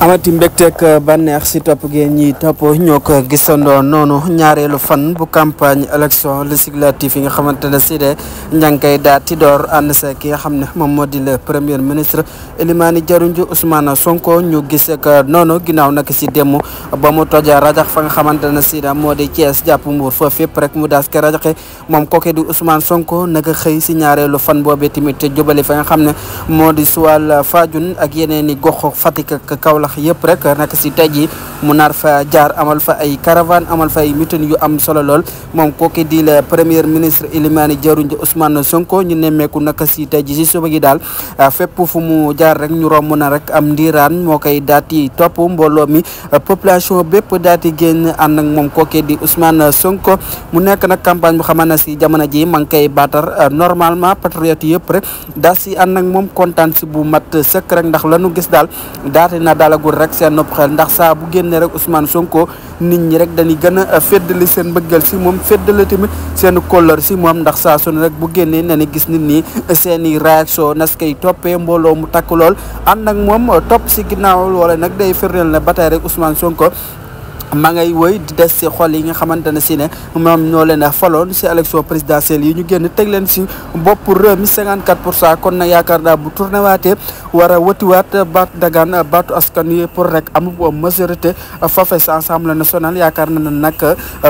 amati mbégteeg bànneex si topp ngeen ñi topp ñoo ko gisandoo noonu fan bu campagne élection législative yi nga de ña ngi koy daal di door ànd sa ki nga xam le premier ministre Elimani Jarunju Ousmane Sonko ñu nono que noonu ginnaaw nag si démb ba mu toja rajax fa nga xamante ne si de moo di Thiès Mbour rek mu ke rajaxe usman kooke di Ousmane Sonko naka xëy si ñaareelu fan boobee tamit jubali fa nga xam ne moo di suwal ak yeneen gox Fatick ak gox yépp rek nak si tey ji mu nar fa jaar amal fa ay caravane amal fa ay mitin yu am solo mom ko ki di la premier ministre Elimane Diarounde Ousmane Sonko ñu nemmeeku naka si tey ji ci suba gi dal fepp fu mu jaar rek ñu romu na rek am ndiran mo kay dati top mbolo mi population bépp daati génn ànd ak ko ki di Ousmane Sonko mu nek nak campagne bu xamana si ji ma kay batar normalement patriote yépp rek daa si and ak mom kontaan bu mat rek ndax lañu gis dal dati na dal dalagul rek seen nopp xel ndax saa bu génnee rek Ousmane Sonko nit ñi rek dañuy gën a euh, féddali seen mbëggal si moom fedd féddali tamit seen kóllër si moom ndax saa su rek bu génnee na ni gis nit ñi seen i réaction nas koy toppee mbooloo mu takk lool ànd ak moom euh, topp si ginnaaw wala nag day firndeel na ba tey rek Ousmane Sonko ma ngay woy di dess ci xol yi nga xamantene ci ne mom ñoo leen a faloon si élection présidentielle yi ñu genn tegg leen si bopp reum mi 54 kon na yaakar da bu tourner waté wara a wat bat dagan bat askan yi pour rek am majorité fafe sa ensemble national yaakar na nak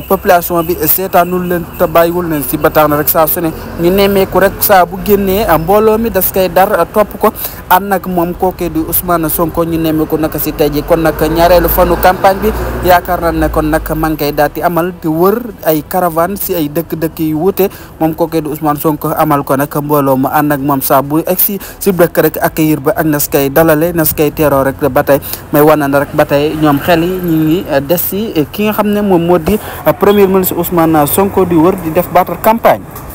population bi seetaanul leen ta bayiwul leen ci ba rek sa suné ñu némé nemmeeku rek sa bu genné mbolo mi das kay dar top ko ànd nag moom ke di Ousmane Sonko ñu némé ko nak ci tayji kon nak ñaarelu fanu campagne bi yaakaar kar na ne kon nag maa ngi koy daal di amal di wër ay caravane si ay dëkk-dëkk yu wuute moom kookee di Ousmane Sonko amal ko nag mbooloo mu ànd ak moom saa bu egg si si dëkk rek accueillir ba ak nas kay dalale nas kay teeroo rek ba tey may wan na rek ba tey ñoom xel yi ñu ngi des si ki nga xam ne moom moo di premier ministre Ousmane Sonko di wër di def battre campagne